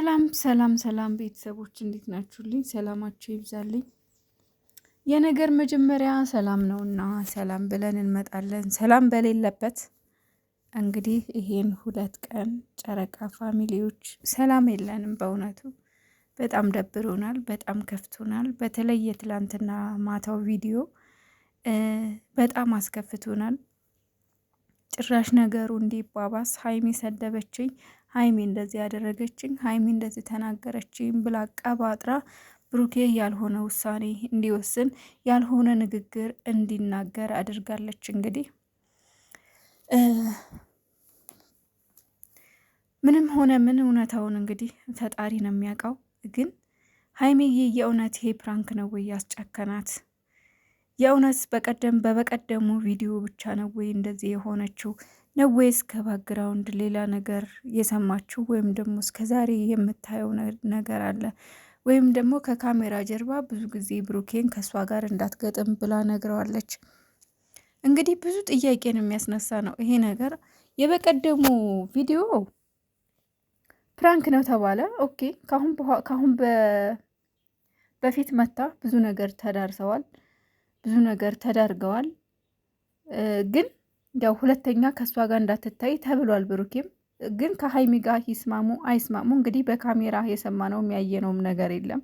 ሰላም ሰላም ሰላም ቤተሰቦች እንዴት ናችሁልኝ? ሰላማችሁ ይብዛልኝ። የነገር መጀመሪያ ሰላም ነውና ሰላም ብለን እንመጣለን። ሰላም በሌለበት እንግዲህ ይሄን ሁለት ቀን ጨረቃ ፋሚሊዎች ሰላም የለንም። በእውነቱ በጣም ደብሮናል፣ በጣም ከፍቶናል። በተለይ የትላንትና ማታው ቪዲዮ በጣም አስከፍቶናል። ጭራሽ ነገሩ እንዲባባስ ሀይሚ ሰደበችኝ ሀይሚ እንደዚህ ያደረገችኝ፣ ሀይሚ እንደዚህ ተናገረችኝ ብላ አቀባጥራ ብሩኬ ያልሆነ ውሳኔ እንዲወስን ያልሆነ ንግግር እንዲናገር አድርጋለች። እንግዲህ ምንም ሆነ ምን እውነታውን እንግዲህ ፈጣሪ ነው የሚያውቀው። ግን ሀይሚዬ የእውነት ይሄ ፕራንክ ነው ወይ ያስጨከናት? የእውነት በቀደም በበቀደሙ ቪዲዮ ብቻ ነው ወይ እንደዚህ የሆነችው ነው እስከ ባክግራውንድ ሌላ ነገር የሰማችው ወይም ደግሞ እስከ ዛሬ የምታየው ነገር አለ ወይም ደግሞ ከካሜራ ጀርባ ብዙ ጊዜ ብሩኬን ከእሷ ጋር እንዳትገጥም ብላ ነግረዋለች። እንግዲህ ብዙ ጥያቄን የሚያስነሳ ነው ይሄ ነገር። የበቀደሙ ቪዲዮ ፕራንክ ነው ተባለ። ኦኬ፣ ካሁን በፊት መታ ብዙ ነገር ተዳርሰዋል። ብዙ ነገር ተደርገዋል። ግን ያው ሁለተኛ ከእሷ ጋር እንዳትታይ ተብሏል። ብሩኬም ግን ከሀይሚ ጋር ይስማሙ አይስማሙ እንግዲህ በካሜራ የሰማነውም ያየነውም ነገር የለም።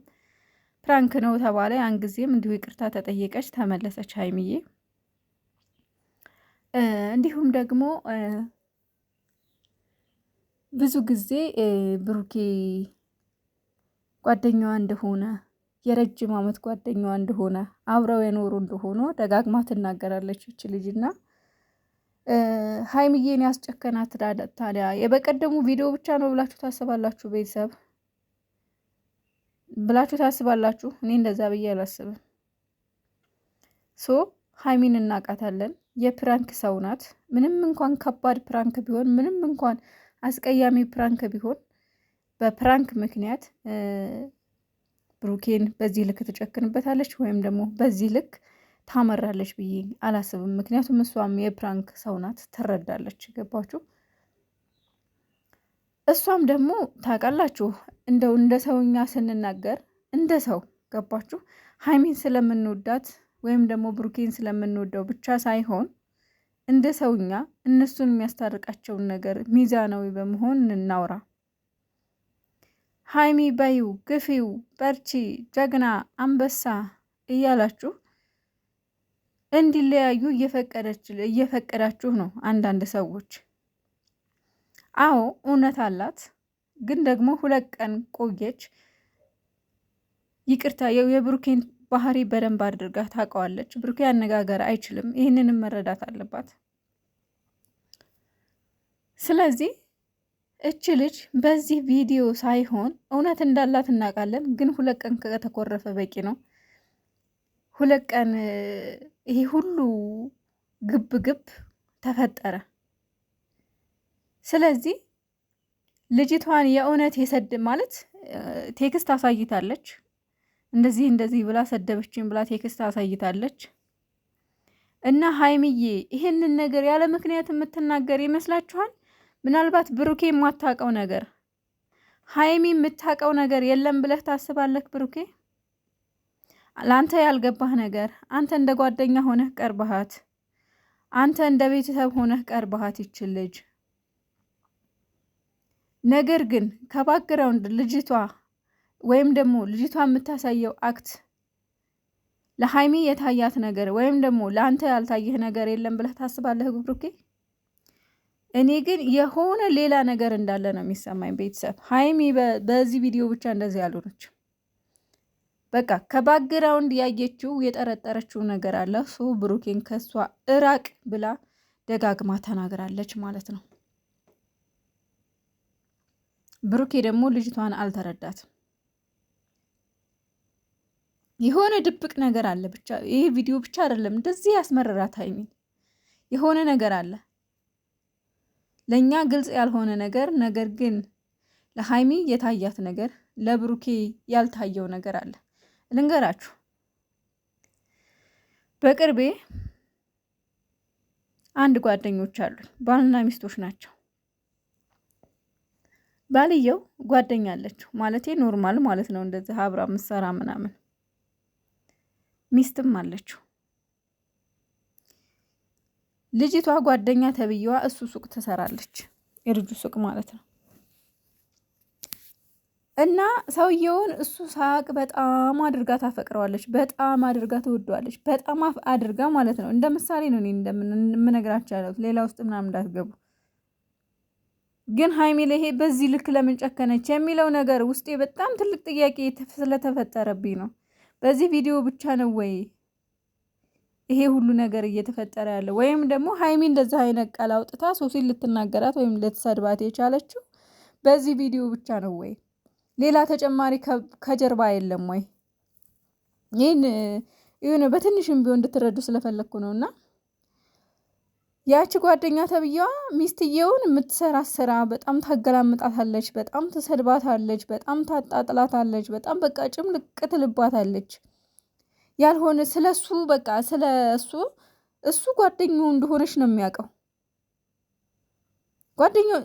ፕራንክ ነው ተባለ። ያን ጊዜም እንዲሁ ይቅርታ ተጠየቀች፣ ተመለሰች ሀይሚዬ። እንዲሁም ደግሞ ብዙ ጊዜ ብሩኬ ጓደኛዋ እንደሆነ የረጅም ዓመት ጓደኛዋ እንደሆነ አብረው የኖሩ እንደሆኑ ደጋግማ ትናገራለች ይች ልጅና ሀይምዬን ያስጨከናት ታዲያ የበቀደሙ ቪዲዮ ብቻ ነው ብላችሁ ታስባላችሁ? ቤተሰብ ብላችሁ ታስባላችሁ? እኔ እንደዛ ብዬ አላስብም። ሶ ሀይሚን እናውቃታለን። የፕራንክ ሰው ናት። ምንም እንኳን ከባድ ፕራንክ ቢሆን፣ ምንም እንኳን አስቀያሚ ፕራንክ ቢሆን በፕራንክ ምክንያት ብሩኬን በዚህ ልክ ትጨክንበታለች ወይም ደግሞ በዚህ ልክ ታመራለች ብዬ አላስብም። ምክንያቱም እሷም የፕራንክ ሰው ናት፣ ትረዳለች። ገባችሁ? እሷም ደግሞ ታውቃላችሁ፣ እንደው እንደ ሰውኛ ስንናገር እንደ ሰው ገባችሁ? ሀይሚን ስለምንወዳት ወይም ደግሞ ብሩኬን ስለምንወደው ብቻ ሳይሆን እንደ ሰውኛ እነሱን የሚያስታርቃቸውን ነገር ሚዛናዊ በመሆን እናውራ። ሀይሚ በዩ፣ ግፊው፣ በርቺ፣ ጀግና፣ አንበሳ እያላችሁ እንዲለያዩ እየፈቀዳችሁ ነው አንዳንድ ሰዎች። አዎ እውነት አላት፣ ግን ደግሞ ሁለት ቀን ቆየች። ይቅርታ የብሩኬን ባህሪ በደንብ አድርጋ ታውቀዋለች። ብሩኬ አነጋገር አይችልም። ይህንንም መረዳት አለባት። ስለዚህ እች ልጅ በዚህ ቪዲዮ ሳይሆን እውነት እንዳላት እናውቃለን፣ ግን ሁለት ቀን ከተኮረፈ በቂ ነው። ሁለት ቀን ይሄ ሁሉ ግብ ግብ ተፈጠረ። ስለዚህ ልጅቷን የእውነት የሰድ ማለት ቴክስት አሳይታለች። እንደዚህ እንደዚህ ብላ ሰደበችኝ ብላ ቴክስት አሳይታለች። እና ሀይምዬ ይህንን ነገር ያለ ምክንያት የምትናገር ይመስላችኋል? ምናልባት ብሩኬ የማታውቀው ነገር ሀይሚ የምታውቀው ነገር የለም ብለህ ታስባለህ? ብሩኬ ለአንተ ያልገባህ ነገር አንተ እንደ ጓደኛ ሆነህ ቀርበሃት፣ አንተ እንደ ቤተሰብ ሆነህ ቀርበሃት ይችል ልጅ ነገር ግን ከባክግራውንድ ልጅቷ ወይም ደግሞ ልጅቷ የምታሳየው አክት ለሀይሚ የታያት ነገር ወይም ደግሞ ለአንተ ያልታየህ ነገር የለም ብለህ ታስባለህ ብሩኬ? እኔ ግን የሆነ ሌላ ነገር እንዳለ ነው የሚሰማኝ። ቤተሰብ ሀይሚ በዚህ ቪዲዮ ብቻ እንደዚህ ያልሆነችው በቃ ከባክግራውንድ ያየችው የጠረጠረችው ነገር አለ። ሶ ብሩኬን ከሷ እራቅ ብላ ደጋግማ ተናግራለች ማለት ነው። ብሩኬ ደግሞ ልጅቷን አልተረዳትም። የሆነ ድብቅ ነገር አለ። ብቻ ይሄ ቪዲዮ ብቻ አይደለም እንደዚህ ያስመረራት ሀይሚ የሆነ ነገር አለ። ለእኛ ግልጽ ያልሆነ ነገር ነገር ግን ለሀይሚ የታያት ነገር ለብሩኬ ያልታየው ነገር አለ። ልንገራችሁ፣ በቅርቤ አንድ ጓደኞች አሉኝ። ባልና ሚስቶች ናቸው። ባልየው ጓደኛ አለችው ማለቴ ኖርማል ማለት ነው። እንደዚህ አብራ ምሰራ ምናምን ሚስትም አለችው። ልጅቷ ጓደኛ ተብዬዋ እሱ ሱቅ ትሰራለች፣ የልጁ ሱቅ ማለት ነው። እና ሰውየውን እሱ ሳቅ በጣም አድርጋ ታፈቅረዋለች፣ በጣም አድርጋ ትወደዋለች፣ በጣም አድርጋ ማለት ነው። እንደ ምሳሌ ነው እኔ እንደምነግራቸው ያለት ሌላ ውስጥ ምናምን እንዳትገቡ። ግን ሀይሚ ይሄ በዚህ ልክ ለምን ጨከነች የሚለው ነገር ውስጤ በጣም ትልቅ ጥያቄ ስለተፈጠረብኝ ነው። በዚህ ቪዲዮ ብቻ ነው ወይ ይሄ ሁሉ ነገር እየተፈጠረ ያለ ወይም ደግሞ ሀይሚ እንደዚህ አይነት ቃል አውጥታ ሶሲን ልትናገራት ወይም ልትሰድባት የቻለችው በዚህ ቪዲዮ ብቻ ነው ወይ? ሌላ ተጨማሪ ከጀርባ የለም ወይ? ይህን ይሁን በትንሽም ቢሆን እንድትረዱ ስለፈለግኩ ነው። እና ያቺ ጓደኛ ተብዬዋ ሚስትየውን የምትሰራ ስራ በጣም ታገላምጣታለች፣ በጣም ትሰድባታለች፣ በጣም ታጣጥላታለች፣ በጣም በቃ ጭምልቅ ትልባታለች። ያልሆነ ስለ እሱ በቃ ስለ እሱ እሱ ጓደኛው እንደሆነች ነው የሚያውቀው። ጓደኛው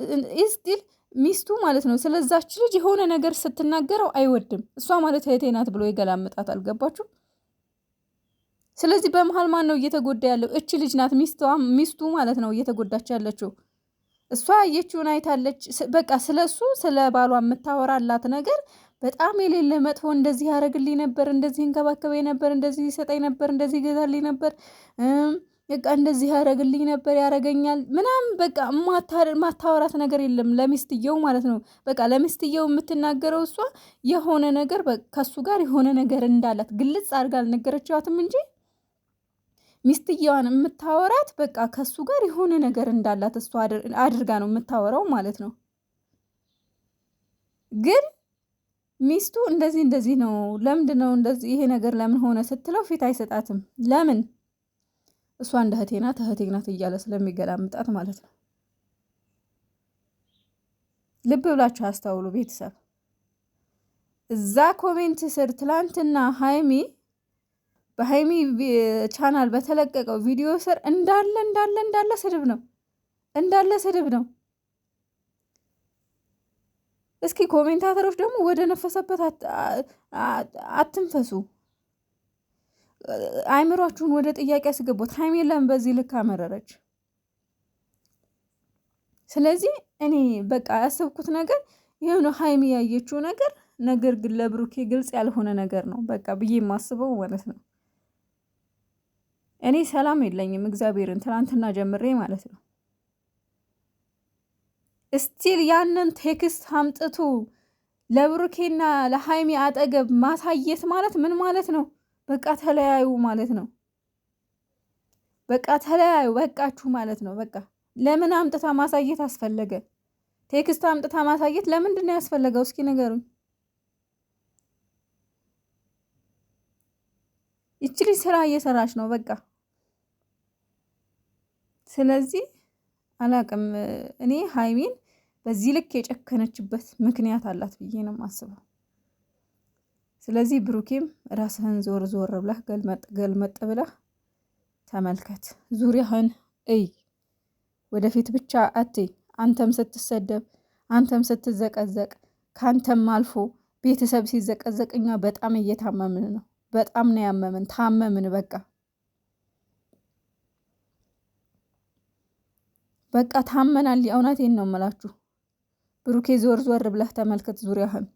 ስቲል ሚስቱ ማለት ነው። ስለዛች ልጅ የሆነ ነገር ስትናገረው አይወድም። እሷ ማለት እህቴ ናት ብሎ የገላምጣት አልገባችሁ? ስለዚህ በመሀል ማን ነው እየተጎዳ ያለው? እች ልጅ ናት፣ ሚስቱ ማለት ነው እየተጎዳች ያለችው። እሷ ያየችውን አይታለች። በቃ ስለ እሱ ስለ ባሏ የምታወራላት ነገር በጣም የሌለ መጥፎ እንደዚህ ያደረግልኝ ነበር፣ እንደዚህ እንከባከበኝ ነበር፣ እንደዚህ ይሰጠኝ ነበር፣ እንደዚህ ይገዛልኝ ነበር፣ በቃ እንደዚህ ያደረግልኝ ነበር፣ ያደርገኛል ምናምን በቃ ማታወራት ነገር የለም ለሚስትየው ማለት ነው። በቃ ለሚስትየው የምትናገረው እሷ የሆነ ነገር ከሱ ጋር የሆነ ነገር እንዳላት ግልጽ አድርጋ አልነገረችዋትም እንጂ ሚስትየዋን የምታወራት በቃ ከሱ ጋር የሆነ ነገር እንዳላት እሷ አድርጋ ነው የምታወራው ማለት ነው ግን ሚስቱ እንደዚህ እንደዚህ ነው፣ ለምንድን ነው እንደዚህ ይሄ ነገር ለምን ሆነ ስትለው ፊት አይሰጣትም። ለምን እሷ እንደ እህቴ ናት እህቴ ናት እያለ ስለሚገላምጣት ማለት ነው። ልብ ብላችሁ አስተውሉ ቤተሰብ። እዛ ኮሜንት ስር ትላንትና ሀይሚ በሀይሚ ቻናል በተለቀቀው ቪዲዮ ስር እንዳለ እንዳለ እንዳለ ስድብ ነው፣ እንዳለ ስድብ ነው። እስኪ ኮሜንታተሮች ደግሞ ወደ ነፈሰበት አትንፈሱ። አይምሯችሁን ወደ ጥያቄ አስገቡት። ሀይሜ ለምን በዚህ ልክ አመረረች? ስለዚህ እኔ በቃ ያሰብኩት ነገር የሆነ ሀይሜ ያየችው ነገር ነገር ግን ለብሩኬ ግልጽ ያልሆነ ነገር ነው በቃ ብዬ የማስበው ማለት ነው። እኔ ሰላም የለኝም እግዚአብሔርን ትናንትና ጀምሬ ማለት ነው። እስቲል ያንን ቴክስት አምጥቱ ለብሩኬና ለሃይሚ አጠገብ ማሳየት ማለት ምን ማለት ነው? በቃ ተለያዩ ማለት ነው። በቃ ተለያዩ በቃችሁ ማለት ነው። በቃ ለምን አምጥታ ማሳየት አስፈለገ? ቴክስት አምጥታ ማሳየት ለምንድን ነው ያስፈለገው? እስኪ ንገሩኝ። ይችሊ ስራ እየሰራች ነው በቃ ስለዚህ አላቅም እኔ ሀይሚን በዚህ ልክ የጨከነችበት ምክንያት አላት ብዬ ነው የማስበው። ስለዚህ ብሩኬም ራስህን ዞር ዞር ብለህ ገልመጥ ገልመጥ ብለህ ተመልከት፣ ዙሪያህን እይ፣ ወደፊት ብቻ አትይ። አንተም ስትሰደብ፣ አንተም ስትዘቀዘቅ፣ ከአንተም አልፎ ቤተሰብ ሲዘቀዘቅ እኛ በጣም እየታመምን ነው። በጣም ነው ያመምን፣ ታመምን በቃ። በቃ ታመናል። እውነቴን ነው የምላችሁ። ብሩኬ ዞር ዞር ብለህ ተመልከት ዙሪያህን።